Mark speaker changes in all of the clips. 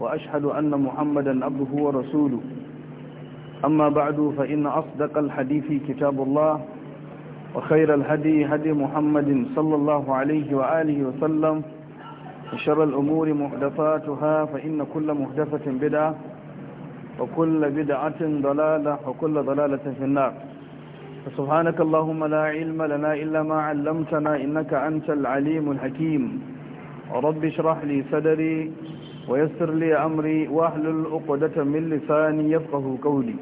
Speaker 1: وأشهد أن محمدا عبده ورسوله أما بعد فإن أصدق الحديث كتاب الله وخير الهدي هدي محمد صلى الله عليه وآله وسلم وشر الأمور محدثاتها فإن كل محدثة بدعة وكل بدعة ضلالة وكل ضلالة في النار فسبحانك اللهم لا علم لنا إلا ما علمتنا إنك أنت العليم الحكيم رب اشرح لي صدري ويسر لي أمري واحلل الأقودة من لساني يفقه قولي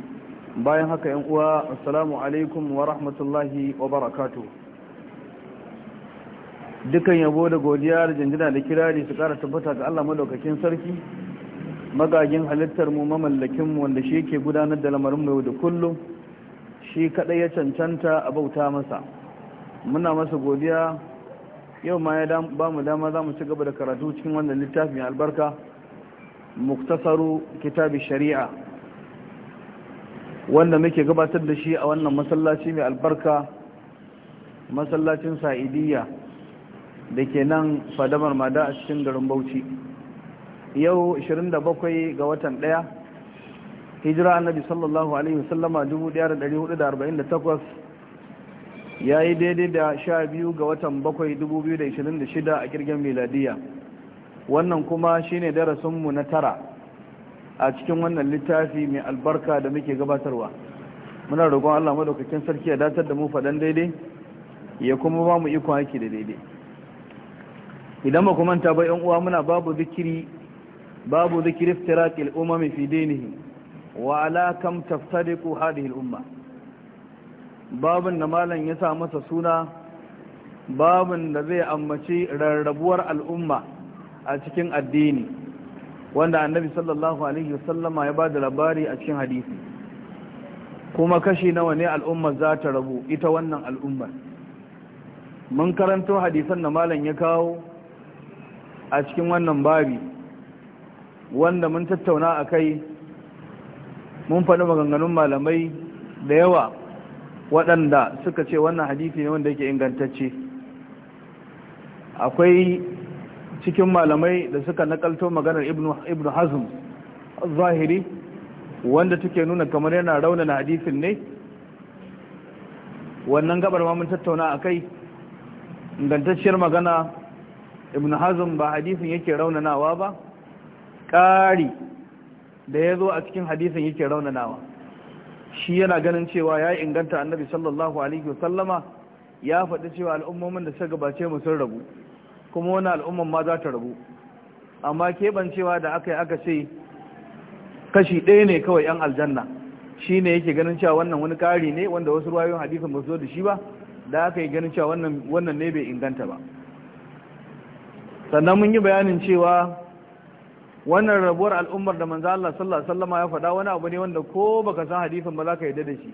Speaker 1: bayan haka yan uwa عليكم alaikum wa rahmatullahi barakatu dukan yabo da godiya da jinjina da kirari su kara tabbata ga Allah madaukakin sarki magagin halittar mu mamallakin mu wanda shi yake gudanar da lamarin mu da kullum shi kadai ya cancanta a bauta masa muna masa godiya yau ma ya ba mu dama za mu ci gaba da karatu cikin wannan littafin albarka muktasaru kitabi shari'a wanda muke gabatar da shi a wannan masallaci mai albarka masallacin sa'idiyya da ke nan fadamar mada a cikin garin bauchi yau 27 ga watan ɗaya hijira annabi sallallahu alaihi wasallama 1448 ya yi daidai da 12 ga watan 7 2026 a kirgin miladiyya wannan kuma shine darasinmu na tara a cikin wannan littafi mai albarka da muke gabatarwa muna roƙon Allah madaukakin sarki ya datar da mu faɗan daidai ya kuma ba mu iko aiki da daidai idan ba kuma ta 'yan uwa muna babu zikiri babu zikiri iftiraqil umami fi dinihi wa ala kam taftariqu hadhihi al umma babun da malam ya sa masa suna babun da zai ammaci rarrabuwar al'umma a cikin addini wanda annabi sallallahu alaihi wasallama ya bada labari a cikin hadisi kuma kashi nawa ne al'ummar za ta rabu ita wannan al'ummar mun karanto hadisan da malam ya kawo a cikin wannan babi wanda mun tattauna a kai mun faɗi maganganun malamai da yawa waɗanda suka ce wannan hadisi ne wanda yake ingantacce akwai cikin malamai da suka nakalto maganar Ibn hazm zahiri wanda take nuna kamar yana raunana hadisin ne wannan gabar ma mun tattauna a kai ingantacciyar magana ibn hazm ba hadisin yake raunanawa ba ƙari da ya zo a cikin hadisin yake raunanawa shi yana ganin cewa ya inganta annabi sallallahu alaihi wasallama ya faɗi cewa al'ummomin da suka gabace mu sun rabu kuma wani al'umman ma za ta rabu amma keɓancewa da aka yi aka ce kashi ɗaya ne kawai 'yan aljanna shi ne yake ganin cewa wannan wani ƙari ne wanda wasu ruwayoyin hadisin ba su zo da shi ba da aka yi ganin cewa wannan ne bai inganta ba sannan mun yi bayanin cewa wannan rabuwar al'ummar da manzo Allah sallallahu alaihi wasallam ya faɗa wani abu ne wanda ko baka san hadisin ba za ka yarda da shi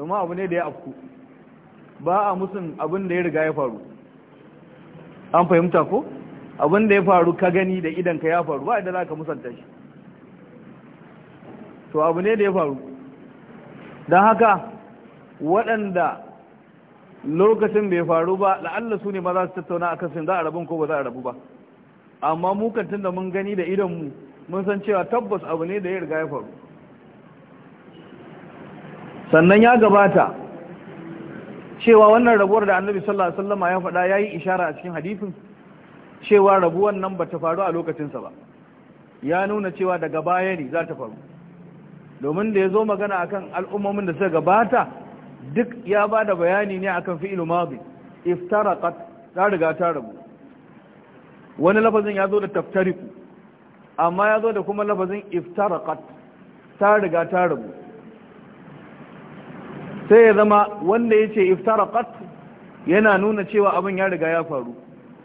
Speaker 1: domin abu ne da ya afku ba a musun abin da ya riga ya faru an fahimta ko abin da ya faru ka gani da idan ka ya faru ba idan za ka musanta shi to abu ne da ya faru don haka waɗanda lokacin bai faru ba la'alla su ne ma za su tattauna a kasin za a rabu ko ba za a rabu ba amma mukan da mun gani da idonmu mun san cewa tabbas abu ne da ya riga ya faru sannan ya gabata cewa wannan rabuwar da annabi sallallahu alaihi wasallam ya faɗa yayi ishara a cikin hadisin cewa rabuwar nan bata faru a lokacinsa ba ya nuna cewa daga baya ne za ta faru domin da ya zo magana akan al'ummomin da suka gabata duk ya bada bayani ne akan fi'ilu madi iftaraqat ta riga ta rabu wani lafazin ya da taftariku amma yazo da kuma lafazin iftaraqat ta riga ta rabu sai ya zama wanda ya ce iftaraqat yana nuna cewa abin ya riga ya faru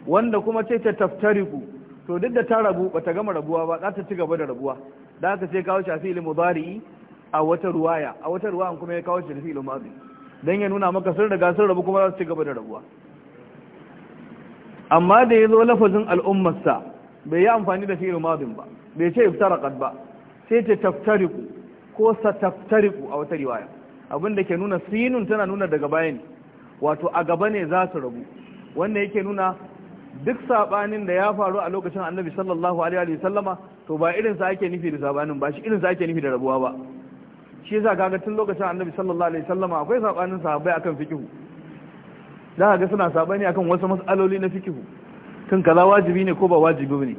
Speaker 1: wanda kuma ce ta taftariku to duk da ta rabu bata gama rabuwa ba za ta ci gaba da rabuwa da aka ce kawo shafi ilmu mudari a wata ruwaya a wata ruwayan kuma ya kawo shafi ilmu madi dan ya nuna maka sun riga sun rabu kuma za su ci gaba da rabuwa amma da ya zo lafazin al'ummarsa bai yi amfani da fi'il madin ba bai ce iftaraqat ba sai ta taftariku ko sa taftariku a wata riwaya abin da ke nuna sinun tana nuna daga bayan. wato a gaba ne za su rabu wanda yake nuna duk sabanin da ya faru a lokacin annabi sallallahu alaihi wa sallama to ba irin sa ake nufi da sabanin ba shi irin sa ake nufi da rabuwa ba shi yasa kaga tun lokacin annabi sallallahu alaihi wa sallama akwai sabanin sahabbai akan fikihu za ka ga suna sabani akan wasu mas'aloli na fikihu kan kaza wajibi ne ko ba wajibi ne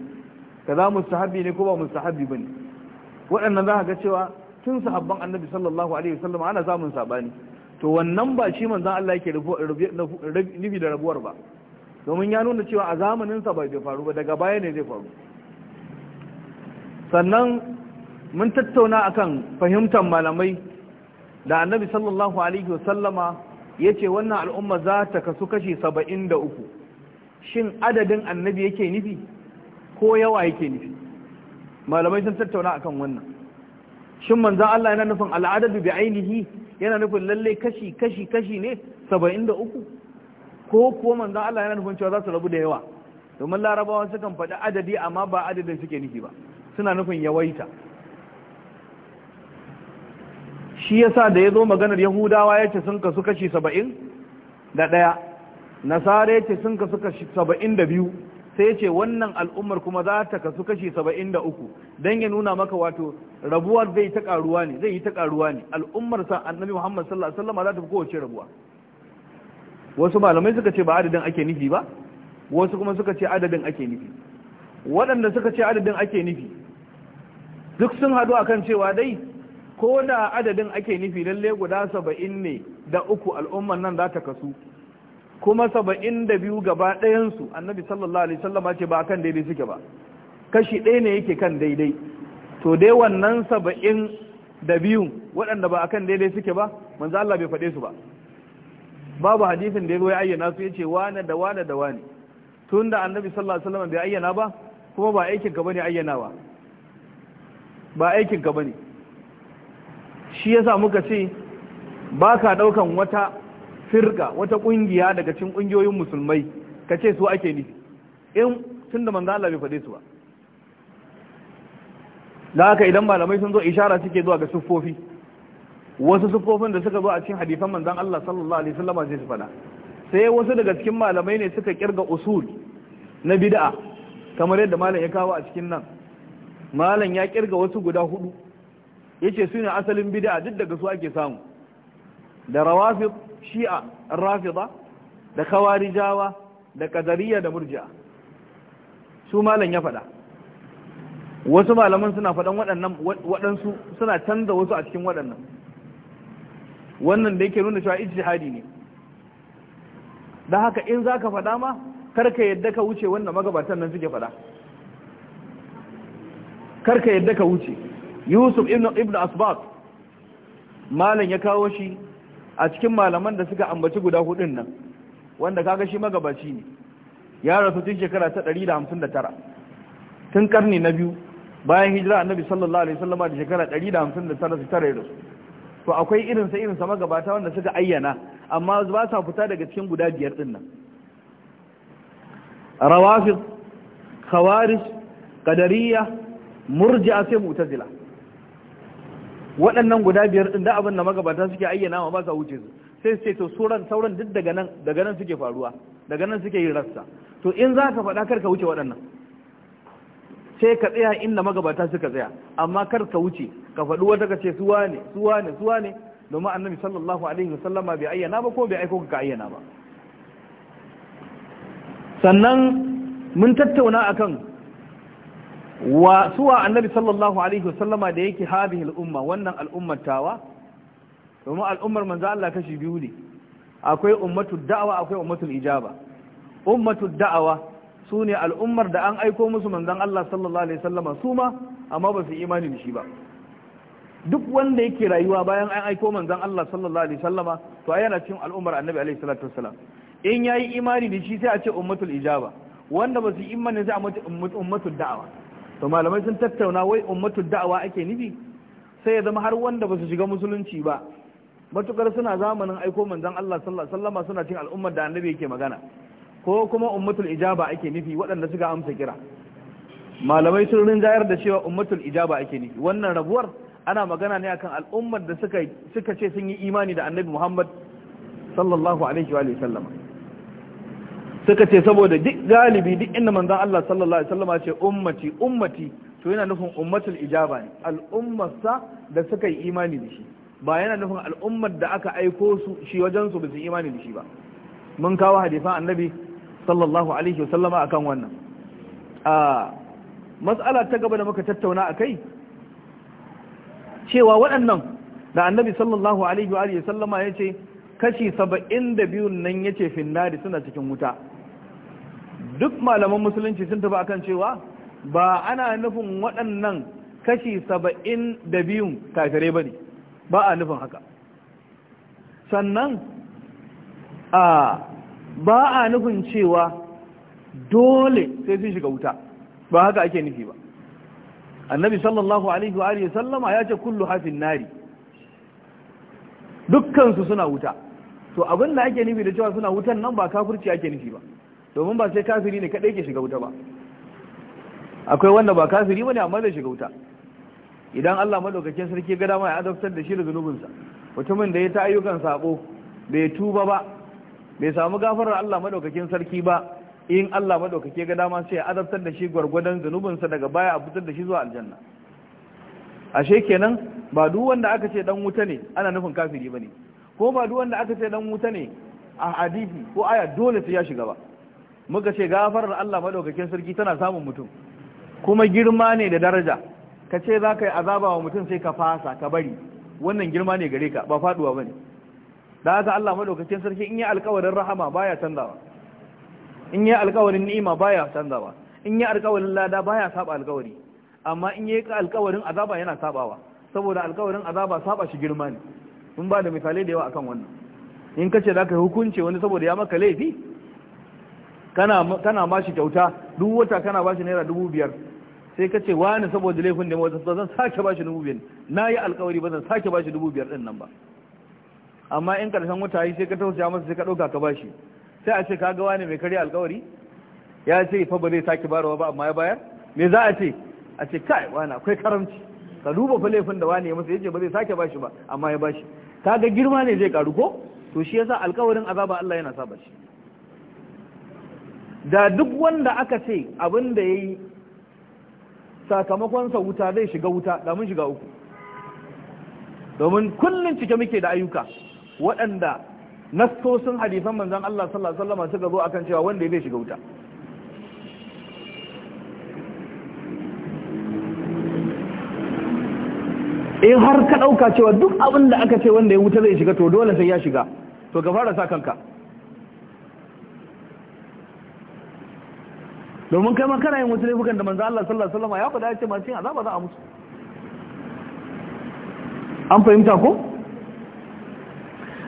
Speaker 1: kaza mustahabi ne ko ba mustahabi bane waɗannan za ka ga cewa tun sahabban annabi sallallahu alaihi wasallam ana samun sabani to wannan ba shi manzon Allah yake nufi da rabuwar ba domin ya nuna cewa a zamanin sa ba bai faru ba daga baya ne zai faru sannan mun tattauna akan fahimtar malamai da annabi sallallahu alaihi wasallama yace wannan al'umma za ta kasu kashi 73 shin adadin annabi yake nufi ko yawa yake nufi malamai sun tattauna akan wannan shin manzo Allah yana nufin al'adadu bi ainihi yana nufin lalle kashi kashi kashi ne 73 ko ko manzo Allah yana nufin cewa za su rabu da yawa domin larabawa sukan faɗi adadi amma ba adadin suke nufi ba suna nufin yawaita shi yasa da ya zo maganar yahudawa ya ce sun kasu kashi saba'in da ɗaya nasara ya sun kasu kashi saba'in sai ce wannan al'ummar kuma za ta kasu kashi saba'in da uku don ya nuna maka wato rabuwar zai ta karuwa ne zai yi ta karuwa ne al'ummar sa annabi muhammad sallallahu alaihi wasallam za ta fi kowace rabuwa wasu malamai suka ce ba adadin ake nufi ba wasu kuma suka ce adadin ake nufi waɗanda suka ce adadin ake nufi duk sun haɗu kan cewa dai ko da adadin ake nufi lalle guda saba'in ne da uku al'ummar nan za ta kasu kuma saba'in da biyu gaba ɗayansu annabi sallallahu alaihi sallama ce ba kan daidai suke ba kashi ɗaya ne yake kan daidai to dai wannan saba'in da biyun waɗanda ba kan daidai suke ba manzo Allah bai faɗe su ba babu hadisin da ya ya ayyana su yace wane da wane da wane tunda annabi sallallahu alaihi sallam, bai ayyana ba kuma ba aikin ka bane ayyanawa ba aikin ka bane shi yasa muka ce ba ka daukan wata firga wata kungiya daga cikin kungiyoyin musulmai ka ce su ake nufi in tunda manzo Allah bai faɗe su ba da haka idan malamai sun zo ishara suke zuwa ga siffofi wasu siffofin da suka zo a cikin hadisan manzon Allah sallallahu alaihi wasallam sai su faɗa sai wasu daga cikin malamai ne suka kirga usul na bid'a kamar yadda malam ya kawo a cikin nan malam ya kirga wasu guda hudu yace su ne asalin bid'a duk daga su ake samu da rawafid shi'a rafida da kawarijawa da kadariya da murji'a su malam ya faɗa wasu malaman suna faɗan waɗannan waɗansu suna canza wasu a cikin waɗannan wannan da yake nuna cewa ijtihadi ne dan haka in za ka faɗa ma karka yadda ka wuce wannan magabatan nan suke faɗa karka yadda ka wuce yusuf ibn ibn asbaq malam ya kawo shi a cikin malaman da suka ambaci guda hudun nan wanda kaga shi magabaci ne ya rasu tun shekara ta 159 tun karni na biyu bayan hijira annabi sallallahu alaihi wasallama da shekara 159 su tare da su to akwai irin irinsa irin sa magabata wanda suka ayyana amma ba sa fita daga cikin guda biyar din nan rawafid khawarij qadariyya murji'a sai mu'tazila waɗannan guda biyar ɗin da abin da magabata suke ayyana ma ba sa wuce su sai su ce to sauran sauran duk daga nan daga nan suke faruwa daga nan suke yin rassa to in za ka faɗa kar ka wuce waɗannan sai ka tsaya inda magabata suka tsaya amma kar ka wuce ka faɗi wata ka ce suwa ne suwa ne suwa ne domin annabi sallallahu alaihi wasallama bai ayyana ba ko bai aiko ka ayyana ba sannan mun tattauna akan wa suwa annabi sallallahu alaihi wasallama da yake hadhihi al'umma wannan al'ummar tawa domin al'ummar manzo Allah kashi biyu ne akwai ummatu dawa, akwai ummatu ijaba ummatu da'awa sune al'ummar da an aiko musu manzon Allah sallallahu alaihi wasallama su ma amma ba su imani da shi ba duk wanda yake rayuwa bayan an aiko manzon Allah sallallahu alaihi wasallama to yana cikin al'ummar annabi alaihi salatu wasallam in yayi imani da shi sai a ce ummatul ijaba wanda ba su imani sai a ummatul dawa. to malamai sun tattauna wai ummatu da'awa ake nufi sai ya zama har wanda ba su shiga musulunci ba matukar suna zamanin aiko manzon Allah sallallahu alaihi wasallama suna cin al'ummar da annabi yake magana ko kuma ummatul ijaba ake nufi waɗanda suka amsa kira malamai sun rinjayar da cewa ummatul ijaba ake nufi wannan rabuwar ana magana ne akan al'ummar da suka suka ce sun yi imani da annabi Muhammad sallallahu alaihi wa sallam. suka ce saboda duk galibi duk inda manzan Allah sallallahu alaihi wasallama ce ummati ummati to yana nufin ummatul ijaba ne al'ummarsa da suka yi imani da shi ba yana nufin al'ummar da aka aiko su shi wajen su yi imani da shi ba mun kawo hadifan annabi sallallahu alaihi wasallama akan wannan a mas'ala ta gaba da muka tattauna a kai cewa waɗannan da annabi sallallahu alaihi wa ya yace kashi saba'in da biyun nan yace finnari suna cikin wuta duk malaman musulunci sun tafi akan cewa ba ana nufin waɗannan kashi saba'in da biyun kafirai ba ne ba a nufin haka sannan a ba a nufin cewa dole sai sun shiga wuta ba haka ake nufi ba annabi sallallahu alaihi wa sallama ya ce kullu hafin nari dukkansu suna wuta to abin da ake nufi da cewa suna wutan nan ba kafirci ake nufi ba domin ba sai kafiri ne kadai ke shiga wuta ba akwai wanda ba kafiri ba ne amma zai shiga wuta idan Allah madaukakin sarki gada ma ya adabtar da shi da zunubinsa mutumin da ya ta ayyukan sabo bai tuba ba bai samu gafarar Allah madaukakin sarki ba in Allah madaukake gada ma sai ya adabtar da shi gwargwadon zunubinsa daga baya a fitar da shi zuwa aljanna ashe kenan ba duk wanda aka ce dan wuta ne ana nufin kafiri ba ne ko ba duk wanda aka ce dan wuta ne a hadisi ko aya dole sai ya shiga ba muka ce gafarar Allah madaukakin sarki tana samun mutum kuma girma ne da daraja ka ce za ka yi azaba wa mutum sai ka fasa ka bari wannan girma ne gare ka ba faduwa ne. da haka Allah madaukakin sarki in yi alƙawarin rahama baya canzawa in yi alƙawarin ni'ima baya canzawa in yi alƙawarin lada baya saba alƙawari amma in yi alƙawarin azaba yana sabawa saboda alƙawarin azaba saba shi girma ne mun ba da misalai da yawa akan wannan in ce za ka yi hukunci wani saboda ya maka laifi kana ba shi kyauta duk wata kana ba shi naira dubu biyar sai ka ce wani saboda laifin da wata ba zan sake ba shi dubu biyar na yi alkawari ba zan sake ba shi dubu biyar din nan ba amma in karshen wata yi sai ka tausaya masa sai ka ɗauka ka ba shi sai a ce ka ga wani mai karya alkawari ya ce fa ba zai sake barawa ba amma ya bayar me za a ce a ce kai wani akwai karamci ka duba fa laifin da wani ya masa ce ba zai sake bashi ba amma ya bashi ga girma ne zai karu ko to shi yasa alkawarin azaba Allah yana ba shi da duk wanda aka ce abin da ya yi sakamakonsa wuta zai shiga wuta da mun shiga uku domin kullum cike muke da ayyuka waɗanda nassosin hadisan manzan Allah sallallahu alaihi wasallam suka zo akan cewa wanda ya zai shiga wuta in har ka ɗauka cewa duk abin da aka ce wanda ya wuta zai shiga to dole sai ya shiga to ka fara sa kanka domin kai kana yin wasu laifukan da manzo Allah sallallahu alaihi wasallam ya faɗa ya ce masu yin azaba za a musu an fahimta ko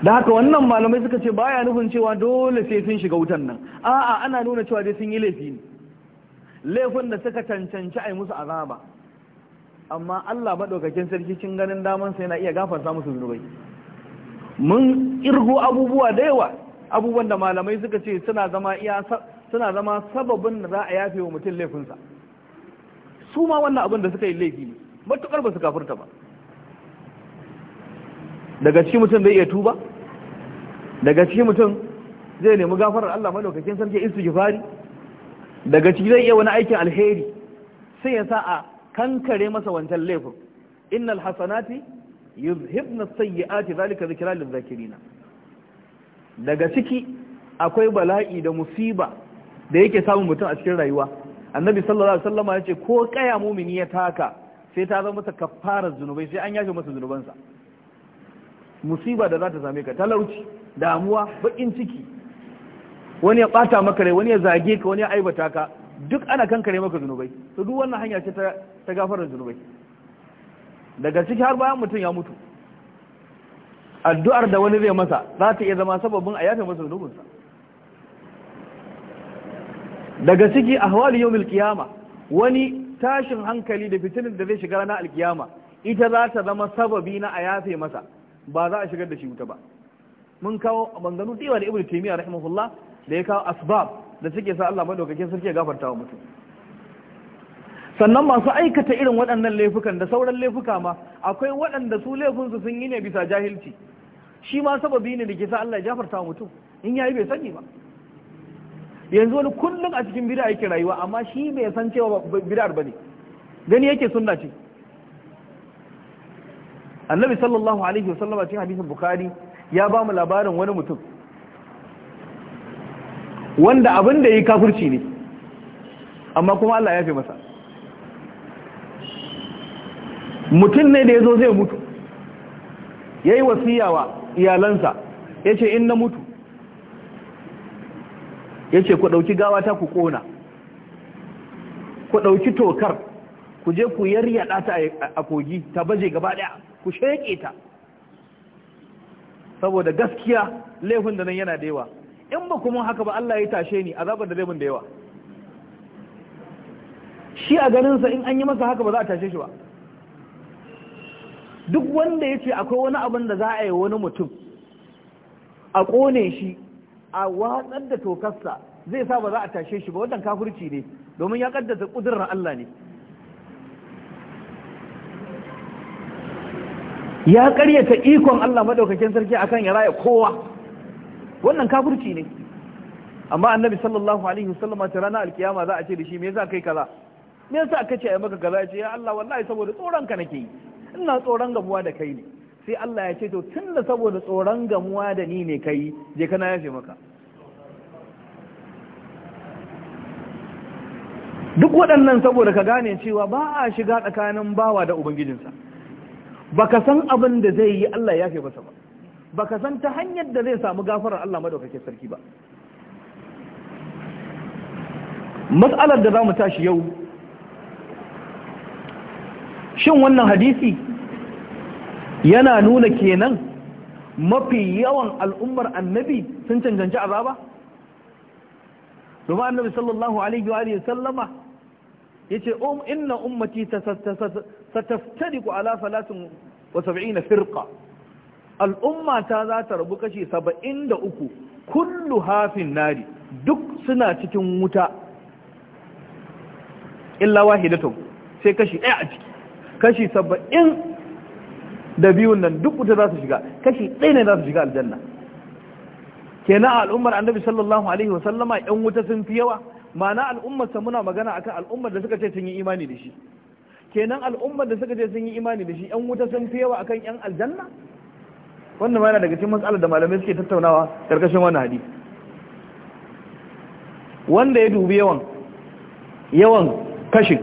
Speaker 1: da haka wannan malamai suka ce baya nufin cewa dole sai sun shiga wutan nan a'a ana nuna cewa dai sun yi laifi ne laifin da suka cancanci a yi musu azaba amma Allah maɗaukakin sarki cin ganin sa yana iya gafarta musu zunubai mun irgo abubuwa da yawa abubuwan da malamai suka ce suna zama iya suna zama sababin da za a yafe wa mutum laifinsa su ma wannan abin da suka yi laifi ne matukar ba su kafurta ba daga cikin mutum zai iya tuba daga cikin mutum zai nemi gafarar Allah madaukakin sarki istighfari daga ciki zai iya wani aikin alheri sai ya sa a kankare masa wancan laifin innal hasanati yuzhibna sayyi'ati zalika zikra lil zakirina daga ciki akwai bala'i da musiba da yake samun mutum a cikin rayuwa annabi sallallahu alaihi wasallam ya ce ko kaya mumini ya taka sai ta zama masa kafara zunubai sai an yafe masa zunubansa musiba da za ta same ka talauci damuwa bakin ciki wani ya bata maka rai wani ya zage ka wani ya aibata ka duk ana kankare maka zunubai to duk wannan hanya ce ta gafarar zunubai daga ciki har bayan mutum ya mutu addu'ar da wani zai masa za ta iya zama sababin a yafe masa zunubinsa daga ciki ahwali yawmil qiyama wani tashin hankali da fitinin da zai shiga na alkiyama ita za ta zama sababi na a yafe masa ba za a shigar da shi wuta ba mun kawo banganu da da ibnu taymiya rahimahullah da ya kawo asbab da suke sa Allah madaukakin sarki ya gafarta wa mutum sannan masu aikata irin waɗannan laifukan da sauran laifuka ma akwai waɗanda su laifinsu sun yi ne bisa jahilci shi ma sababi ne da ke sa Allah ya gafarta wa mutum in yayi bai sani ba yanzu wani kullum a cikin bid'a yake rayuwa amma shi bai san cewa bid'ar bane gani yake sunna ce annabi sallallahu alaihi wa sallama cikin hadisin bukhari ya ba mu labarin wani mutum wanda abin da yi kafirci ne amma kuma Allah ya fi masa mutum ne da ya zo zai mutu ya yi wasiyawa iyalansa ya ce in na mutu ya ce ku ɗauki gawa ta ku ƙona ku ɗauki tokar ku je ku yaryaɗa ɗata a kogi ta baje gaba ɗaya ku sheƙe ta saboda gaskiya laifin da nan yana da yawa in ba kuma haka ba Allah ya tashe ni azabar da laifin da yawa shi a ganinsa in an yi masa haka ba za a tashe shi ba duk wanda ya ce akwai wani abin da za a yi wani mutum a ƙone shi a watsar da tokarsa zai sa ba za a tashe shi ba wannan kafirci ne domin ya kaddasa kudurar Allah ne ya karyata ikon Allah madaukakin sarki akan ya raya kowa wannan kafirci ne amma annabi sallallahu alaihi wasallama ta ranar alkiyama za a ce da shi me yasa kai kaza me yasa ce ai maka kaza ya ce ya Allah wallahi saboda tsoron nake yi ina tsoron gabuwa da kai ne sai Allah ya ce to tun da saboda tsoron gamuwa da ni ne kai je kana yafe maka duk waɗannan saboda ka gane cewa ba a shiga tsakanin bawa da ubangijinsa baka san abin da zai yi Allah ya yafe masa ba baka san ta hanyar da zai samu gafarar Allah madaukake sarki ba matsalar da za mu tashi yau shin wannan hadisi yana nuna kenan mafi yawan al'ummar annabi sun cancanci azaba domin annabi sallallahu alaihi wa sallama yace um inna ummati sataftariqu ala salatin wa sab'ina firqa al'umma ta za ta rabu kashi saba'in da 73 kullu hafin nari duk suna cikin wuta illa wahidatun sai kashi ɗaya a ciki kashi saba'in da biyun nan duk wuta za su shiga kashi ɗaya ne za su shiga aljanna kenan al'ummar annabi sallallahu alaihi wasallama yan wuta sun fi yawa ma'ana al'ummar ta muna magana akan al'ummar da suka ce sun yi imani da shi kenan al'ummar da suka ce sun yi imani da shi yan wuta sun fi yawa akan yan aljanna wannan ma yana daga cikin matsalar da malamai suke tattaunawa karkashin wannan hadisi wanda ya dubi yawan yawan kashin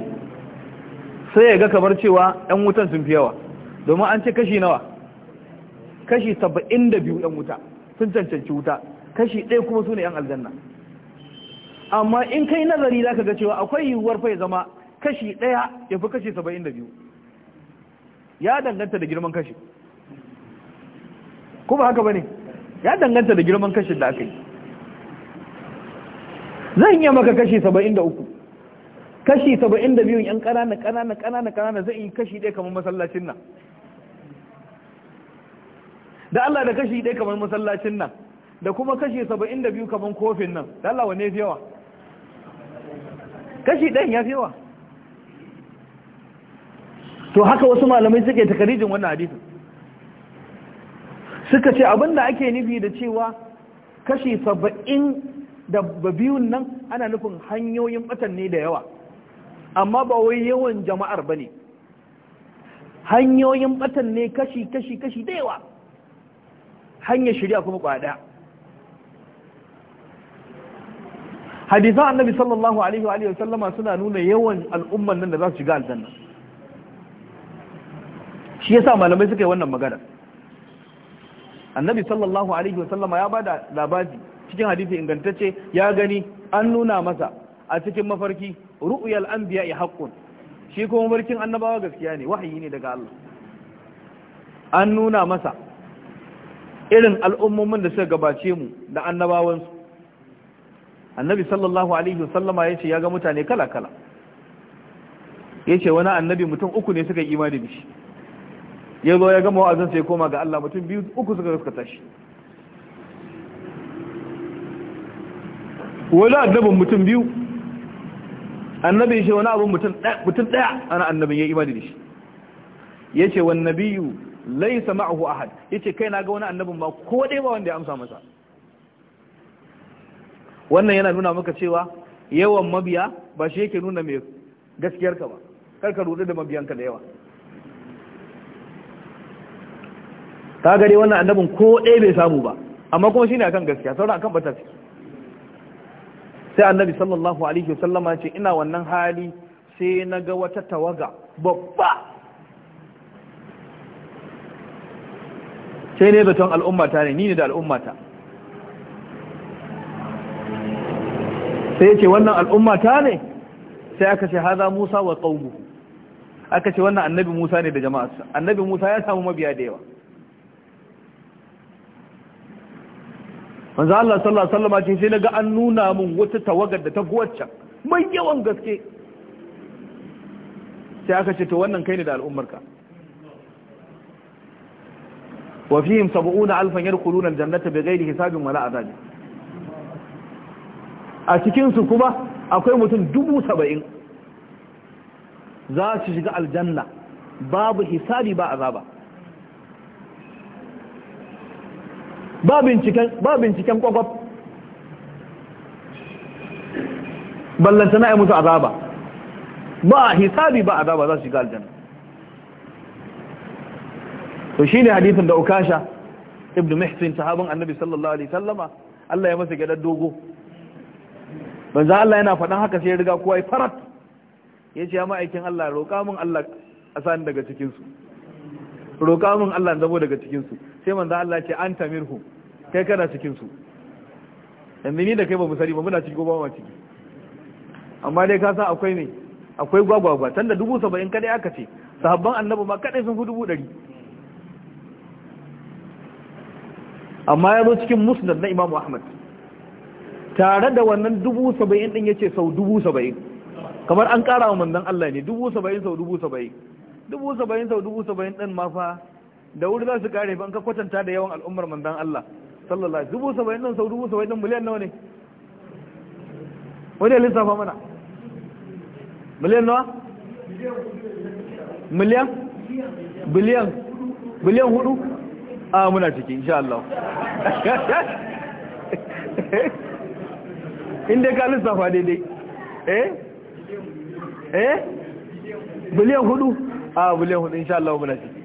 Speaker 1: sai ya ga kamar cewa ɗan wutan sun fi yawa domin an ce kashi nawa kashi saba'in da biyu yan wuta sun cancanci wuta kashi ɗaya kuma su ne yan aljanna amma in kai nazari za ka ga cewa akwai yiwuwar fai zama kashi ɗaya ya fi kashi saba'in da biyu ya danganta da girman kashi kuma haka ba ne ya danganta da girman kashi da aka yi zan yi maka kashi saba'in da uku kashi saba'in da biyun yan ƙanana ƙanana ƙanana ƙanana zai yi kashi ɗaya kamar masallacin nan da Allah da kashi ɗaya kamar masallacin nan da kuma kashi saba'in da biyu kamar kofin nan da Allah wane fi yawa kashi ɗayan ya fi yawa to haka wasu malamai suke takarijin wannan hadisin suka ce abin da ake nufi da cewa kashi saba'in da biyun nan ana nufin hanyoyin ɓatan ne da yawa amma ba wai yawan jama'ar ba ne hanyoyin ɓatan ne kashi kashi kashi da yawa hanyar shirya kuma kwada hadisan annabi sallallahu alaihi wa alihi sallama suna nuna yawan al'umman nan da za su shiga aljanna shi yasa malamai suka yi wannan magana annabi sallallahu alaihi wa sallama ya bada labari cikin hadisi ingantacce ya gani an nuna masa a cikin mafarki an anbiya ya haƙƙun. shi kuma mafarkin annabawa gaskiya ne wahayi ne daga Allah an nuna masa irin al'ummomin da suka gabace mu da annabawansu annabi sallallahu alaihi wasallama ya ce ya ga mutane kala-kala ya ce wani annabi mutum uku ne suka yi imani da shi ya zo ya gama wa'azin sai koma ga Allah mutum biyu uku suka gaskata shi wani annabin mutum biyu annabi ya ce wani abin mutum ɗaya ana annabin ya imani da shi ya ce wani nabiyu laisa ma'ahu ahad yace kai na ga wani annabin ba ko dai ba wanda ya amsa masa wannan yana nuna maka cewa yawan mabiya ba shi yake nuna mai gaskiyarka ba karka rudu da mabiyanka da yawa ta gare wannan annabin ko dai bai samu ba amma kuma shine akan gaskiya sauran akan bata ce sai annabi sallallahu alaihi wasallama ce ina wannan hali sai na ga wata tawaga babba sai ne zaton al'ummata ne ni ne da al'ummata sai ce wannan al'ummata ne sai aka ce haza musa wa qaumu aka ce wannan annabi musa ne da jama'arsa annabi musa ya samu mabiya da yawa wanzu Allah sallallahu alaihi wasallam ce sai ga an nuna mun wata tawagar da ta guwacce mai yawan gaske sai aka ce to wannan kai ne da al'ummarka wa fihim 70000 yadkhuluna aljannata bighairi hisabin wala azab a cikin su kuma akwai mutum 70000 za su shiga aljanna babu hisabi ba azaba ba binciken ba binciken kwakwaf azaba ba hisabi ba azaba za su shiga aljanna to shi ne hadithin da ukasha Ibn mihsin sahabin annabi sallallahu alaihi sallama Allah ya masa gadar dogo banza Allah yana faɗan haka sai ya riga kowa ya farat ya ce ya ma'aikin Allah roƙa min Allah asan daga cikin su roƙa min Allah zabo daga cikin su sai manzo Allah ce anta mirhu kai kana cikin su yanzu ni da kai ba mu sani ba muna ciki ko ba mu ciki amma dai ka san akwai ne akwai gwagwagwa tanda dubu saba'in kadai aka ce sahabban annabi ma kadai sun fi dubu ɗari amma ya zo cikin musnad na imamu ahmad tare da wannan dubu saba'in ɗin ya ce sau dubu saba'in kamar an kara wa mandan Allah ne dubu saba'in sau dubu saba'in dubu saba'in sau dubu saba'in din ma fa da wuri za su kare ban ka kwatanta da yawan al'ummar mandan Allah sallallahu alaihi. dubu saba'in din sau dubu saba'in din miliyan nawa ne wani ya lissafa mana miliyan nawa miliyan biliyan biliyan hudu a ah, muna ciki insha Allah inda ka lissafa daidai eh eh biliyan hudu a ah, biliyan hudu insha Allah muna ciki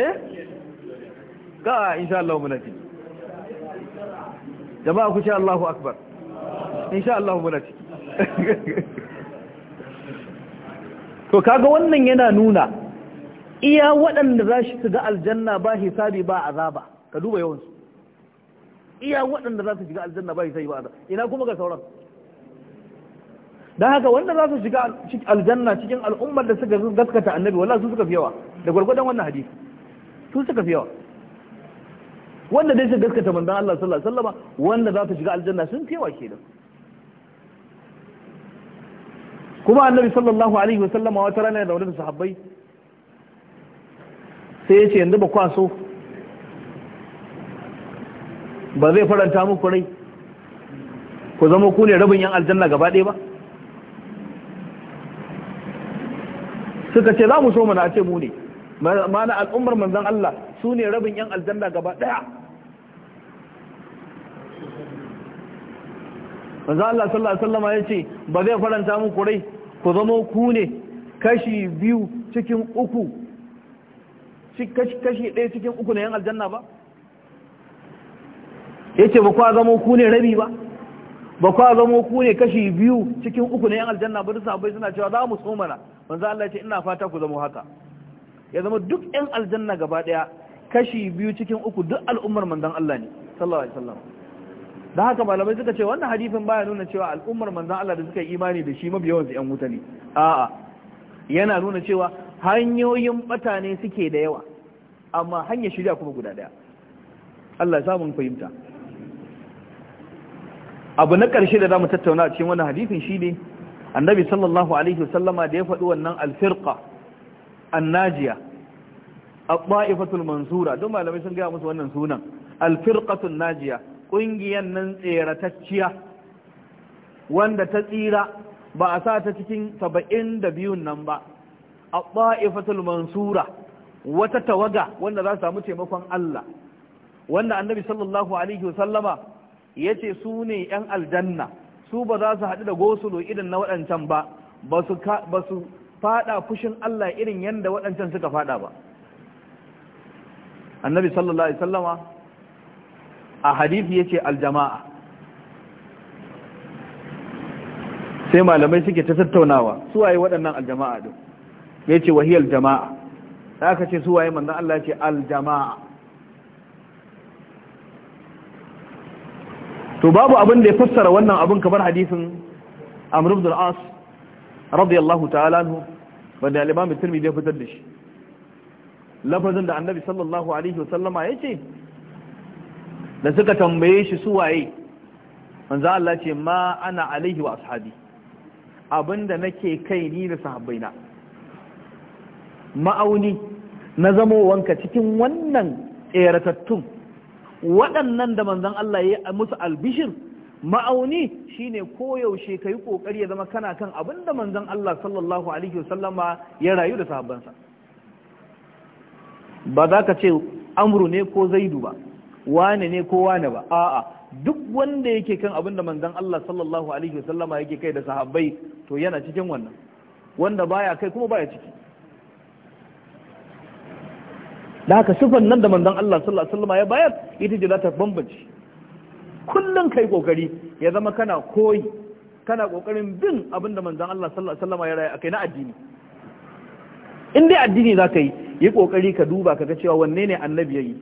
Speaker 1: eh ga insha Allah muna ciki jama'a ku sha Allahu akbar insha Allah muna ciki to kaga wannan yana nuna iya waɗanda za su shiga aljanna ba hisabi ba azaba ka duba yawansu iya waɗanda za su shiga aljanna ba hisabi ba azaba ina kuma ga sauran don haka wanda za su shiga aljanna cikin al'ummar da suka gaskata annabi wallahi su suka fi yawa da gwargwadon wannan hadisi su suka fi yawa wanda dai su gaskata manzon Allah sallallahu alaihi wasallam wanda za su shiga aljanna sun fi yawa kenan kuma annabi sallallahu alaihi wasallam wata rana ya zaune da sahabbai sai ya ce yanzu ba kwaso ba zai faranta muku rai ku zama ku ne rabin yan aljanna gaba ɗaya ba suka ce za mu so mana a ce mu ne mana al'ummar manzan Allah su ne rabin yan aljanna gaba ɗaya manzan Allah sallallahu Alaihi wasallama ya ce ba zai faranta muku rai ku zama ku ne kashi biyu cikin uku kashi ɗaya cikin uku na yan aljanna ba ya ce ba kwa zama ku ne rabi ba ba kwa zama ku ne kashi biyu cikin uku na yan aljanna ba duk sabai suna cewa za mu tsomana manzo Allah ce ina fata ku zama haka ya zama duk yan aljanna gaba ɗaya kashi biyu cikin uku duk al'ummar manzon Allah ne sallallahu alaihi wasallam da haka malamai suka ce wannan hadisin baya nuna cewa al'ummar manzon Allah da suka yi imani da shi mabiyawansu yan wuta ne a'a yana nuna cewa hanyoyin mutane suke da yawa amma hanyar shirya kuma guda daya Allah ya samu fahimta abu na ƙarshe da zamu tattauna a cikin wannan hadisin shine annabi sallallahu alaihi wasallama da ya faɗi wannan alfirqa an-Najiya. at-ta'ifatul mansura duk malamai sun gaya musu wannan sunan alfirqatun najiya ƙungiyar nan tseratacciya wanda ta tsira ba a sa ta cikin saba'in da biyun nan ba at-ta'ifatul mansura wata tawaga wanda za su samu taimakon Allah wanda annabi sallallahu alaihi wasallama yace su ne yan aljanna su ba za su haɗu da gosulo idan na waɗancan ba ba su fada fushin Allah irin yadda waɗancan suka fada ba annabi sallallahu alaihi wasallama a hadisi yace aljama'a sai malamai suke ta tattaunawa su waye waɗannan aljama'a din ya ce wahiyar jama'a da aka ce suwaye manzan Allah ce aljama'a to babu abin da ya fassara wannan abin kamar hadisin amr ibn al-as radiyallahu ta'ala anhu wanda al-imam at-tirmidhi ya fitar da shi lafazin da annabi sallallahu alaihi wa wasallama yace da suka tambaye shi suwaye manzo Allah ce ma ana alaihi wa ashabi abinda nake kai ni da sahabbaina ma'auni na zamowanka cikin wannan tseratattun waɗannan da manzan Allah ya yi musu albishir ma'auni shine koyaushe ka yi ƙoƙari ya zama kana kan abin da manzan Allah sallallahu alaihi wasallama ya rayu da sahabbansa ba za ka ce amru ne ko zaidu ba wane ne ko wane ba a'a duk wanda yake kan abin da manzan Allah sallallahu alaihi wasallama yake kai da sahabbai to yana cikin wannan wanda baya kai kuma baya ciki da haka sufan nan da manzon Allah sallallahu alaihi wasallam ya bayar ita ce za ta bambance kullun kai kokari ya zama kana koyi kana kokarin bin abin da manzon Allah sallallahu alaihi wasallam ya raya akai na addini in dai addini za ka yi yi kokari ka duba ka ga cewa wanne ne annabi yayi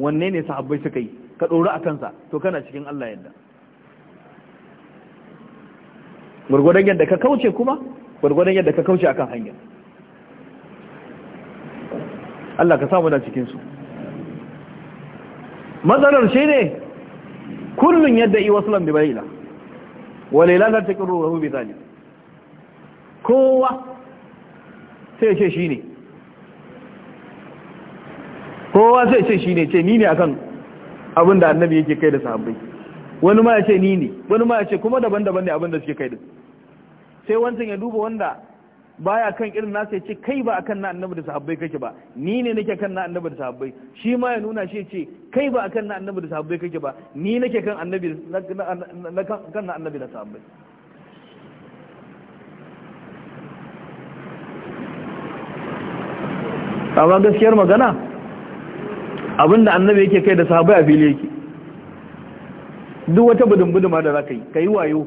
Speaker 1: wanne ne sahabbai suka yi ka dori a kansa to kana cikin Allah yadda gurgurdan yadda ka kauce kuma gurgurdan yadda ka kauce akan hanya Allah ka samu da cikinsu matsalar shi ne kullum yadda iya wasu lambi baila wale lalata ta ƙirru rahu bi zali kowa sai ce shi ne kowa sai ce shi ne ce ni ne akan abin da annabi yake kai da sahabbai wani ma ya ce ni ne wani ma ya ce kuma daban-daban ne abin da suke kai da sai wancan ya duba wanda baya kan irin nasa ya ce kai ba akan na annabi da sahabbai kake ba ni ne nake kan na annabi da sahabbai shi ma ya nuna shi ya ce kai ba akan na annabi da sahabbai kake ba ni nake kan annabi kan na annabi da sahabbai amma gaskiyar magana abinda annabi yake kai da sahabbai a fili yake duk wata budin ma da za ka yi ka yi wayo